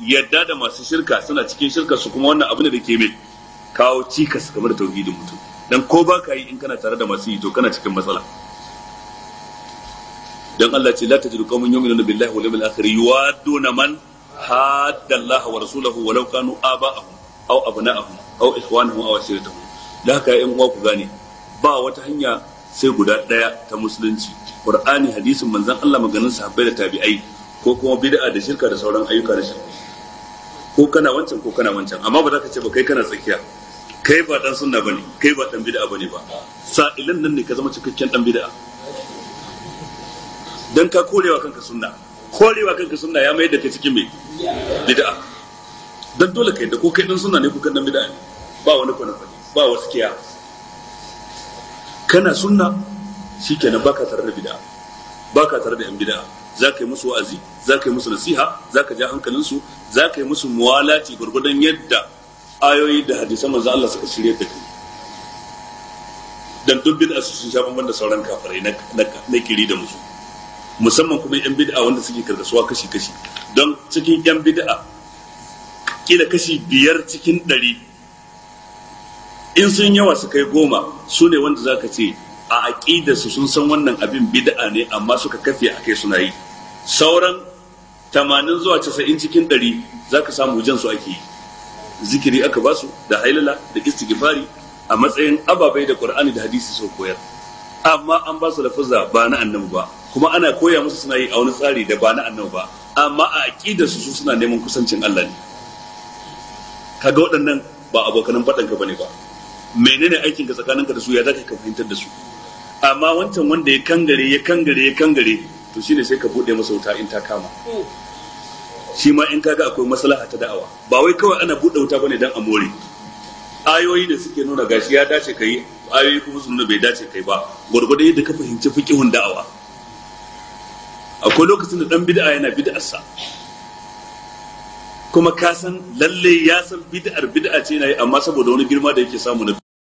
yadda da masu shirka suna cikin shirka su kuma wannan abin da ke mai kawo cikas game da tauhidin mutum dan ko ba ka yi in kana tare da masu yi to kana cikin matsala dan Allah ce la tajidu qauman yu'minuna billahi wal yawmil akhir yu'aduna man hadda Allah wa rasulahu walau kanu aba'ahum aw abna'ahum aw ikhwanahum aw ashiratahum da haka ƴan uwa ku gane ba wata hanya sai guda daya ta musulunci qur'ani hadisin manzon Allah maganin sahabbai da tabi'ai ko kuma bid'a da shirka da sauran ayyuka da shirka ko kana wancan ko kana wancan amma ba za ka ce ba kai kana tsakiya kai ba dan sunna bane kai ba dan bid'a bane ba sa'ilan nan ne ka zama cikakken dan bid'a dan ka korewa kanka sunna korewa kanka sunna ya mai da kai cikin me bid'a dan dole kai da ko kai dan sunna ne ko kai dan bid'a ne ba wani kwana kwana ba waskiya kana sunna shikenan baka tare da bid'a baka tare da yan bid'a za ka yi musu wa'azi za ka yi musu nasiha za ka ja hankalinsu za ka yi musu muwalaci, gwargwadon yadda ayoyi da hadisan manzo Allah suka shirya da kai dan duk bid'a su sun sha da sauran kafirai na kiri da musu musamman kuma yan bid'a wanda suke karkasuwa kashi kashi don cikin yan bid'a kila kashi biyar cikin ɗari in sun yawa su kai goma su ne wanda za ka ce a aƙidarsu sun san wannan abin bid'a ne amma suka kafe a kai suna yi sauran tamanin zuwa casa'in cikin ɗari za ka samu jan su ake yi zikiri aka basu da hailala da istighfari a matsayin ababai da qur'ani da hadisi sau koyar amma an ba su lafuzza ba na annabi ba kuma ana koya musu suna yi a wani tsari da ba na annabi ba amma a aƙidar su su suna neman kusancin Allah ne kaga waɗannan ba abokan faɗan ka ne ba menene aikin ka tsakaninka da su ya zaka ka fahimtar da su amma wancan wanda ya kangare ya kangare ya kangare to shine sai ka bude masa wuta in ta kama hmm. shi ma in kaga akwai maslaha ta da'awa ba wai kawai ana bude wuta bane dan a more ayoyi da suke nuna gashi ya dace kai ayoyi kuma sun bai dace kai ba gurgurda yadda ka fahimci fiqihun da'awa akwai lokacin da dan bid'a yana bid'arsa kuma ka san lalle ya san bid'ar bid'a ce na amma saboda wani girma da yake samu na